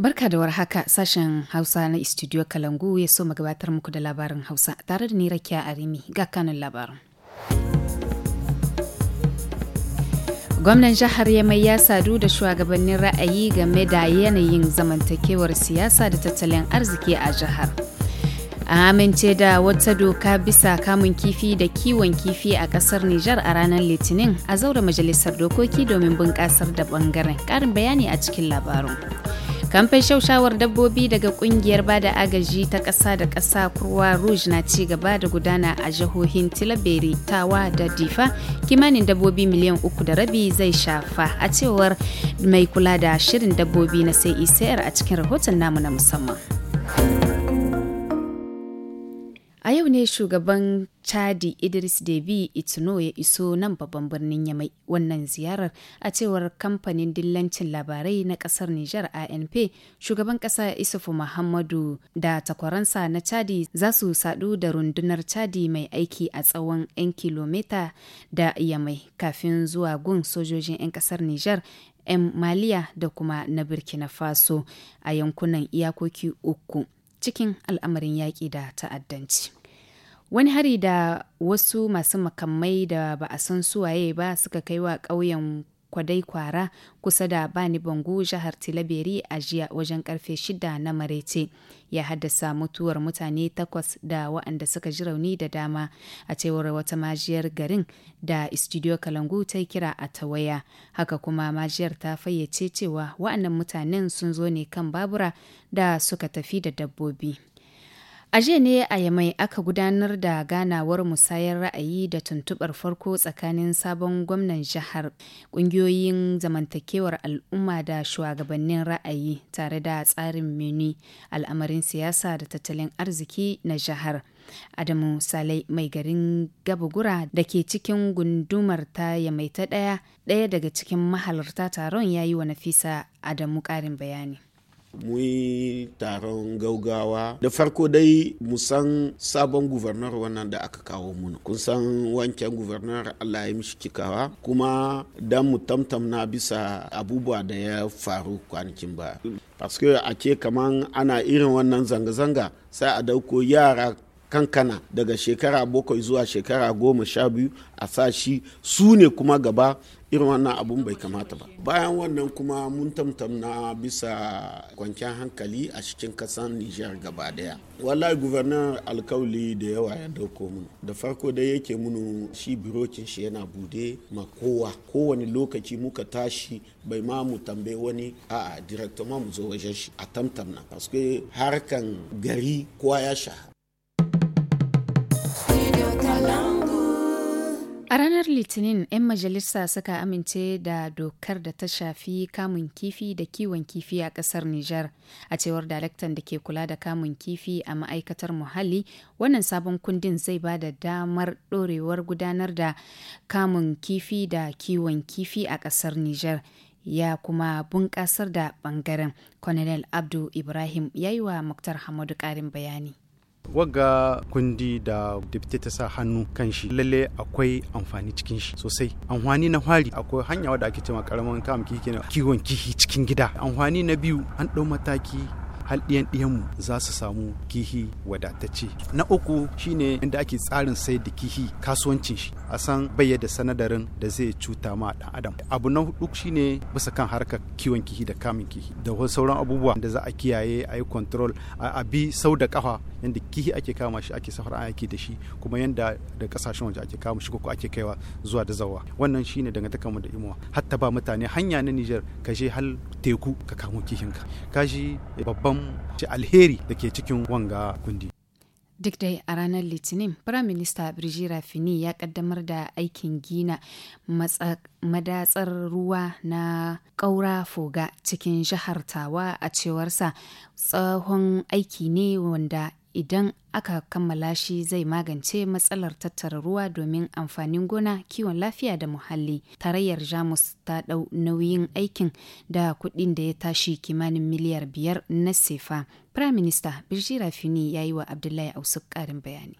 Barka da warhaka sashen Hausa na Studio Kalangu ya so gabatar muku da labarin Hausa tare da ni Rakiya Arimi ga kanun labarin. Gwamnan jihar Yamai ya sadu da shugabannin ra'ayi game da yanayin zamantakewar siyasa da tattalin arziki a jihar. amince da wata doka bisa kamun kifi da kiwon kifi a kasar Nijar a ranar Litinin a zaura majalisar dokoki domin bunƙasar da ɓangaren. Ƙarin bayani a cikin labarin. kamfan shaushawar dabbobi daga kungiyar bada agaji ta kasa da kasa kurwa rouge na ci gaba da gudana a jihohin tilaberi tawa da difa kimanin dabbobi miliyan uku da rabi zai shafa a cewar mai kula da shirin dabbobi na sai isayar a cikin rahoton namu na musamman A yau ne shugaban Chadi Idris Deby Itno ya iso nan babban birnin Yamai. Wannan ziyarar a cewar kamfanin dillancin labarai na kasar Nijar ANP, shugaban kasa Isufu Muhammadu da takwaransa na Chadi za su sadu da rundunar Chadi mai aiki a tsawon 'yan kilomita da Yamai kafin zuwa gun sojojin 'yan kasar Nijar 'yan Maliya da kuma na Burkina Faso a yankunan iyakoki uku. cikin al'amarin yaƙi da ta'addanci. Wani hari da wasu masu makamai da ba a san suwaye ba suka kai wa ƙauyen kwadai kwara kusa da bani bango jihar tilaberi a jiya wajen karfe shida na maraice ya haddasa mutuwar mutane takwas da waɗanda suka ji rauni da dama a cewar wata majiyar garin da studio kalangu ta kira a tawaya haka kuma majiyar ta fayyace cewa waɗannan mutanen sun zo ne kan babura da suka tafi da dabbobi A jiya ne a Yamai aka gudanar da ganawar musayar ra'ayi da tuntubar farko tsakanin sabon gwamnan jihar ƙungiyoyin zamantakewar al'umma da shugabannin ra'ayi tare da tsarin mini al'amarin siyasa da tattalin arziki na jihar. Adamu Salai mai garin Gabagura da ke cikin gundumar ta Yamai ta ɗaya ɗaya daga cikin mahalarta taron ya yi wa Nafisa Adamu ƙarin bayani. muyi taron gaugawa da farko dai musan sabon guvernar wannan da aka kawo mun kun san wancan guvernar allah ya mishi cikawa kuma dan mu tamtam na bisa abubuwa da ya faru kwanakin ba parce que a ce kaman ana irin wannan zanga-zanga sai a dauko yara kankana daga shekara bakwai zuwa shekara goma sha biyu a sa shi su ne kuma gaba irin wannan abun bai kamata ba bayan wannan kuma mun tamtam na bisa kwanciyar hankali a cikin kasan nijar gaba daya wallahi gubernar alkawali da yawa ya dauko mun da farko da yake munu shi birokin shi yana bude ma kowa kowane lokaci muka tashi bai ma mu tambe wani a a director ma mu zo wajen shi a tamtamna paske harkan gari kowa ya shahara A ranar Litinin, 'yan majalisa suka amince da dokar da ta shafi kamun kifi da kiwon kifi a ƙasar Nijar. A cewar daraktan da ke kula da kamun kifi a ma'aikatar muhalli, wannan sabon kundin zai ba da damar ɗorewar gudanar da kamun kifi da kiwon kifi a ƙasar Nijar. Ya kuma bunƙasar da ɓangaren. Colonel Abdu Ibrahim ya yi wa Muktar Hamadu ƙarin bayani. wagga kundi da dipte ta sa hannu kan shi lalle akwai amfani cikin shi sosai amfani na fari akwai hanya wadda ake cewa karamin kam kiwon kihi cikin gida amfani na biyu an ɗau mataki har ɗiyan ɗiyanmu za su samu kihi wadatacce na uku shine inda ake tsarin sai da kihi kasuwancin shi a san bayyana sanadarin da zai cuta ma dan adam abu na hudu shine bisa kan harkar kiwon kihi da kamun kihi da wasu sauran abubuwa da za a kiyaye a yi control a bi sau da kafa yadda kihi ake kama shi ake safar aiki da shi kuma yadda da kasashen waje ake kama shi ko ake kaiwa zuwa da zawa wannan shine dangantakar mu da imuwa hatta ba mutane hanya na Niger ka je hal teku ka kamo kihinka ka babban ci alheri da ke cikin wanga kundi. Duk dai a ranar Litinin, Firaminista Birjira Fini ya kaddamar da aikin gina madatsar ruwa na ƙaura foga cikin jihar Tawa a cewarsa tsohon aiki ne wanda idan aka kammala shi zai magance matsalar tattara ruwa domin amfanin gona kiwon lafiya da muhalli tarayyar jamus ta ɗau nauyin aikin da kuɗin da ya tashi kimanin miliyar biyar na sefa prime minister birji ya yi wa abdullahi ausuk ƙarin bayani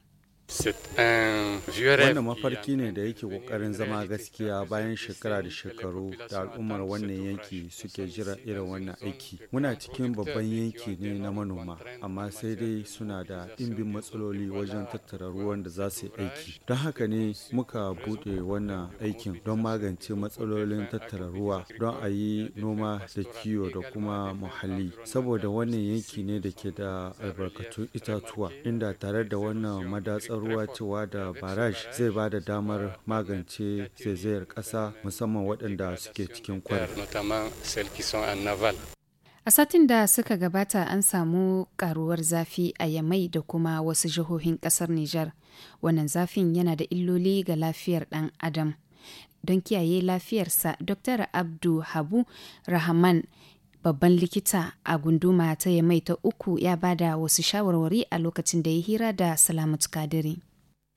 Wannan mafarki ne da yake kokarin zama gaskiya bayan shekara da shekaru da al'ummar wannan yanki suke jira irin wannan aiki. Muna cikin babban yanki ne na manoma, amma sai dai suna da ɗimbin matsaloli wajen tattara ruwan da za su yi aiki. Don haka ne muka buɗe wannan aikin don magance matsalolin tattara ruwa don a yi noma da kiwo da kuma muhalli. Saboda wannan yanki ne da ke da albarkatun itatuwa, inda tare da wannan madatsar ruwa cewa da baraj zai ba da damar magance zaizayar ƙasa musamman waɗanda suke cikin kwari. A satin da suka gabata an samu karuwar zafi a Yamai da kuma wasu jihohin kasar Nijar. Wannan zafin yana da illoli ga lafiyar ɗan Adam. Don kiyaye lafiyarsa, Dr. Abdu Habu Rahman babban likita a gunduma ta yamai ta uku ya bada wasu shawarwari a lokacin da ya hira da salamatu kadiri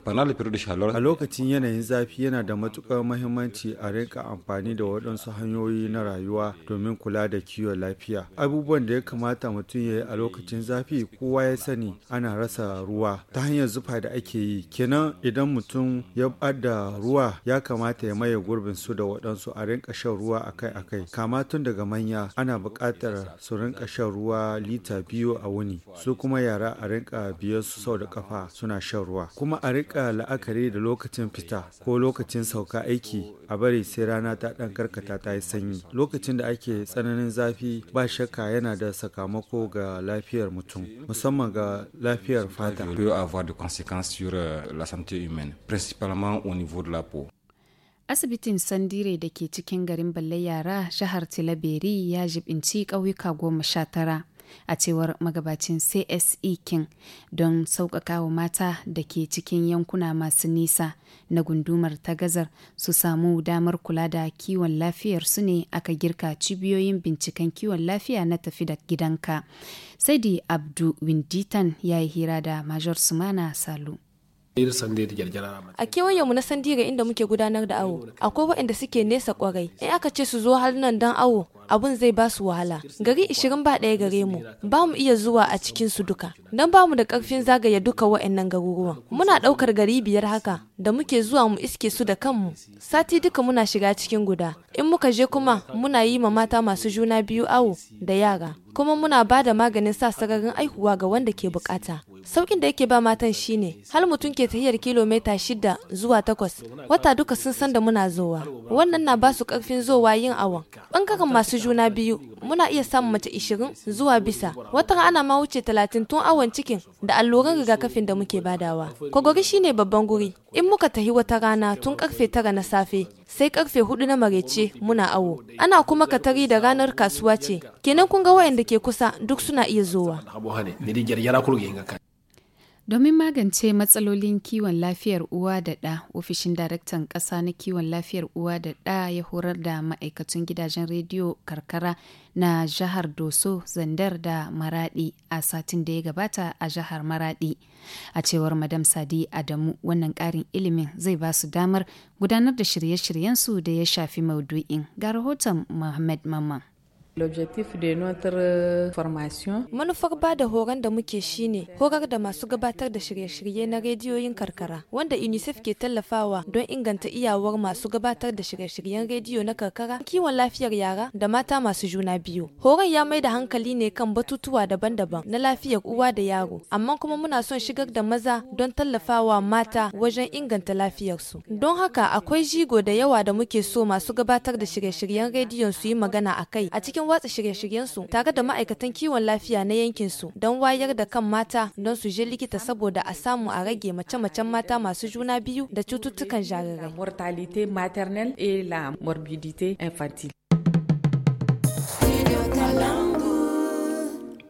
A lokacin yanayin zafi yana da matukar mahimmanci a rinka amfani da waɗansu hanyoyi na rayuwa domin kula da kiwon lafiya. Abubuwan da ya kamata mutum ya yi a lokacin zafi kowa ya sani ana rasa ruwa ta hanyar zufa da ake yi. Kenan idan mutum ya bada ruwa ya kamata ya maye gurbin su da waɗansu a rinka shan ruwa akai-akai. Kama tun daga manya ana buƙatar su rinka shan ruwa lita biyu a wuni. Su kuma yara a rinka biyar su sau da kafa suna shan ruwa. Kuma a rika la'akari da lokacin fita ko lokacin sauka aiki a bari sai rana ta ɗan karkata ta yi sanyi. Lokacin da ake tsananin zafi ba shakka yana da sakamako ga lafiyar mutum musamman ga lafiyar fata. asibitin sandire da ke cikin garin balle yara jihar tilaberi ya jibinci ƙauyuka goma sha tara a cewar magabacin CSE King don sauƙaƙawa mata da ke cikin yankuna masu nisa na gundumar ta gazar su samu damar kula da kiwon lafiyar su ne aka girka cibiyoyin binciken kiwon lafiya na tafi da gidanka. Saidi Abdu Winditan ya yi hira da Major Sumana Salu. A kewayen mu na Sandira inda muke gudanar da awo, akwai waɗanda suke nesa kwarai. In aka ce su zo har nan don awo, abun zai ba su wahala. Gari ishirin ba ɗaya gare mu, ba mu iya zuwa a cikin su duka. Don ba mu da ƙarfin zagaya duka waɗannan garuruwan. Muna ɗaukar gari biyar haka, da muke zuwa mu iske su da kanmu. Sati duka muna shiga cikin guda. In muka je kuma muna yi ma mata masu juna biyu awo da yara. kuma muna ba da maganin sa sararin aihuwa ga wanda ke bukata. Saukin da yake ba matan shine hal mutum ke tahiyar kilomita shida zuwa takwas wata duka sun san da muna zowa. Wannan na basu karfin zowa yin awon. Bangaren masu juna biyu muna iya samun mace ishirin zuwa bisa. Wata ana ma wuce talatin tun awon cikin da alluran rigakafin da muke badawa. Kogori shine babban guri. In muka tahi wata rana tun karfe tara na safe sai karfe hudu na marece muna awo ana kuma katari da ranar kasuwa ce kenan kun ga wayanda ke kusa duk suna iya zowa Domin magance matsalolin kiwon lafiyar uwa da ɗa, ofishin daraktan ƙasa na kiwon lafiyar uwa da ɗa ya horar da ma'aikatan gidajen rediyo karkara na jihar Doso, Zandar da maraɗi a satin da ya gabata a jihar maraɗi A cewar Madam Sadi Adamu, wannan ƙarin ilimin zai ba su damar gudanar da shirye-shiryensu da ya shafi maudu'in. Ga rahoton Muhammad Mamman. Euh, Manufar ba da horon da muke shine horar da masu gabatar da shirye-shirye na rediyoyin karkara wanda UNICEF ke tallafawa don inganta iyawar masu gabatar da shirye-shiryen rediyo na karkara, kiwon lafiyar yara da mata masu juna biyu. Horon ya mai da hankali ne kan batutuwa daban-daban na lafiyar uwa da yaro, amma kuma muna son shigar da maza don tallafawa mata wajen inganta lafiyarsu. Don haka akwai jigo da yawa da muke so masu gabatar da shirye-shiryen rediyon su yi magana a kai a cikin cikin watsa shirye su tare da ma'aikatan kiwon lafiya na yankin su don wayar da kan mata don su je likita saboda a samu a rage mace-macen mata masu juna biyu da cututtukan jarirai. Mortalité maternelle et la morbidité infantile.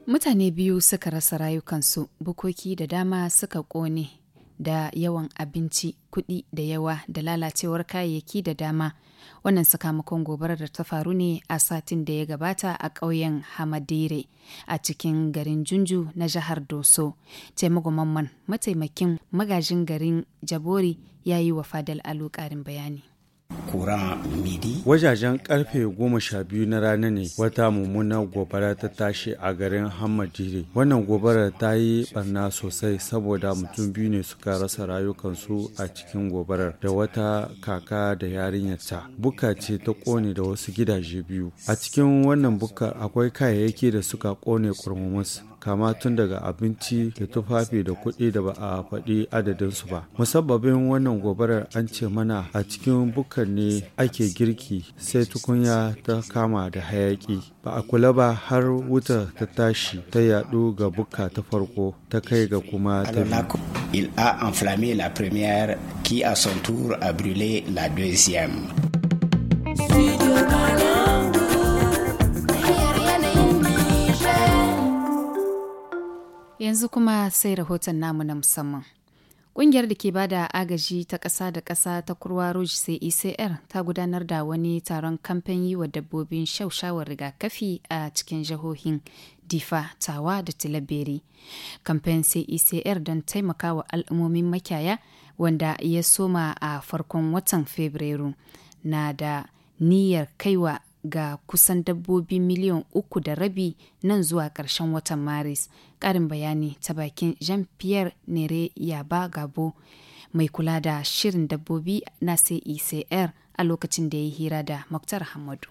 Mutane biyu suka rasa rayukansu, bukoki da dama suka kone. da yawan abinci kuɗi da yawa da lalacewar kayayyaki da dama wannan sakamakon gobarar da ta faru ne a satin da ya gabata a ƙauyen hamadire a cikin garin junju na jihar doso taimakon mamman mataimakin magajin garin jabori ya yi wa fadal alu ƙarin bayani Wajajen karfe goma sha biyu na rana ne wata mummunar gobara ta tashi a garin hamadiri Wannan gobarar ta yi barna sosai saboda mutum biyu ne suka rasa rayukansu a cikin gobarar da wata kaka da yarinyarta. Buka ce ta kone da wasu gidaje biyu. A cikin wannan buka akwai kayayyaki da suka kone kurmumus kama tun daga abinci da tufafi da kuɗi da ba a faɗi adadinsu ba musabbabin wannan gobarar an ce mana a cikin bukkar ne ake girki sai tukunya ta kama da hayaki ba a kula ba har wuta ta tashi ta yaɗu ga bukka ta farko ta kai ga kuma ta Il a enflammé la première qui à son tour a brûlé la deuxième. yanzu kuma sai rahoton namu na musamman. Ƙungiyar da ke ba da agaji ta ƙasa da ƙasa ta kurwa Rouge ecr ta gudanar da wani taron kamfen yi wa dabbobin shaushawar rigakafi a cikin jihohin Difa, Tawa da Tilaberi. Kamfen ecr don taimakawa al'ummomin makyaya wanda ya soma a farkon watan Fabrairu na da niyyar kaiwa ga kusan dabbobi miliyan uku da rabi nan zuwa ƙarshen watan maris ƙarin bayani ta bakin jean pierre nere yaba gabo mai kula da shirin dabbobi na cecr a lokacin da ya yi hira da muktar hamadu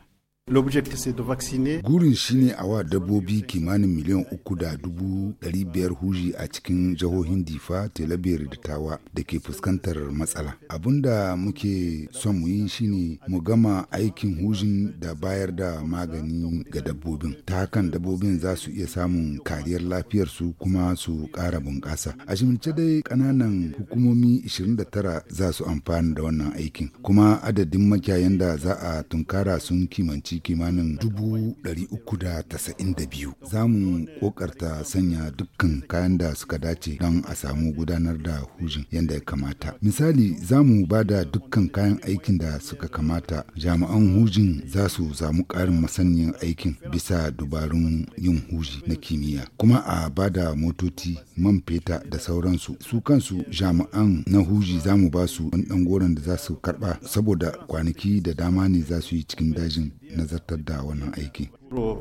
Gurin shi ne a wa dabbobi kimanin miliyan uku da dubu ɗari huji a cikin jihohin Difa, Telabiyar da Tawa da ke fuskantar matsala. Abin da muke son mu yi shi ne mu gama aikin hujin da bayar da magani ga dabbobin. Ta hakan dabbobin za su iya samun kariyar lafiyarsu kuma su ƙara bunƙasa. A shimince dai ƙananan hukumomi 29 za su amfana da wannan aikin. Kuma adadin makiyayan da za a tunkara sun kimanci kasance kimanin 392 za mu kokarta sanya dukkan kayan da suka dace don a samu gudanar da hujin yadda ya kamata misali za mu ba da dukkan kayan aikin da suka kamata jami'an hujin za su samu ƙarin masaniyan aikin bisa dubarun yin huji na kimiyya kuma a ba da motoci man feta da sauransu su kansu jami'an na huji za mu ba su wani goron da za su karɓa saboda kwanaki da dama ne za su yi cikin dajin nazartar da wannan aiki.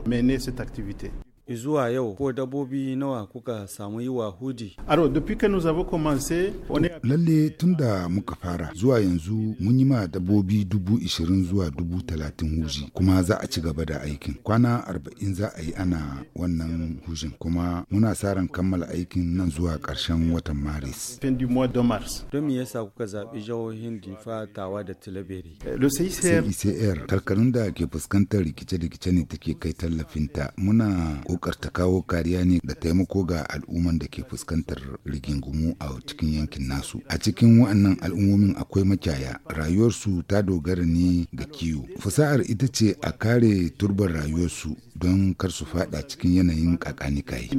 Mene ne activity? zuwa yau ko dabobi nawa kuka samu yi wa hudi? Lalle tun da muka fara zuwa yanzu mun yi ma dabobi dubu ishirin zuwa dubu talatin huji kuma za a ci gaba da aikin. Kwana arba'in za a yi ana wannan hujin kuma muna sa ran kammala aikin nan zuwa karshen watan Maris. Don me yasa kuka zaɓi jihohin Difa, Tawa da Tilaberi? Eh, CICR tarkarun da ke fuskantar rikice-rikice ne take kai tallafinta. Muna Dokar ta kawo kariya ne da taimako ga al'umman da ke fuskantar rigingumu a cikin yankin nasu. A cikin wa'annan al'ummomin akwai makyaya, rayuwarsu ta dogara ne ga kiwo. fasahar ita ce a kare turbar rayuwarsu don kar su fada cikin yanayin kakanikai.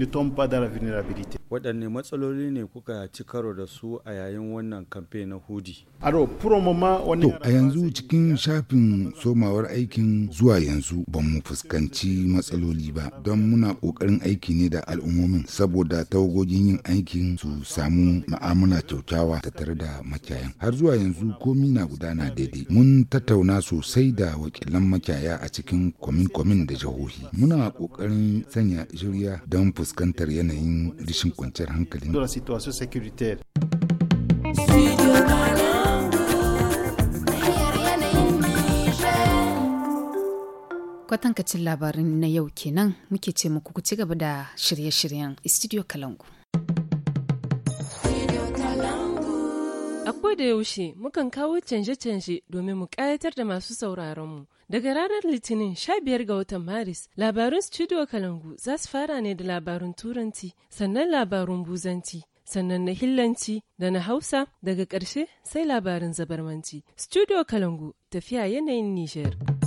Waɗanne matsaloli ne kuka ci karo da su a yayin wannan kamfe na hudi? To, a yanzu cikin shafin somawar aikin zuwa yanzu ba mu fuskanci matsaloli ba don muna ƙoƙarin aiki ne da al'ummomin saboda tawagogin yin aikin su samu ma'amala kyautawa tare da makiyayan. Har zuwa yanzu komi na gudana daidai. Mun tattauna sosai da wakilan makiyaya a cikin komin-komin da jihohi. muna ƙoƙarin sanya juriya don fuskantar yanayin rishin kwanciyar hankalin. Kwatankacin labarin na yau kenan muke ce muku ku ci gaba da shirye-shiryen Studio Kalangu. ko da yaushe mukan kawo canje-canje domin mu ƙayatar da masu sauraronmu. Daga ranar Litinin 15 ga watan Maris, labarun Studio Kalangu za su fara ne da labarun Turanci, sannan labarun Buzanci, sannan na Hillanci da na Hausa daga ƙarshe sai labarin Zabarmanci. Studio Kalangu tafiya yanayin Nijar.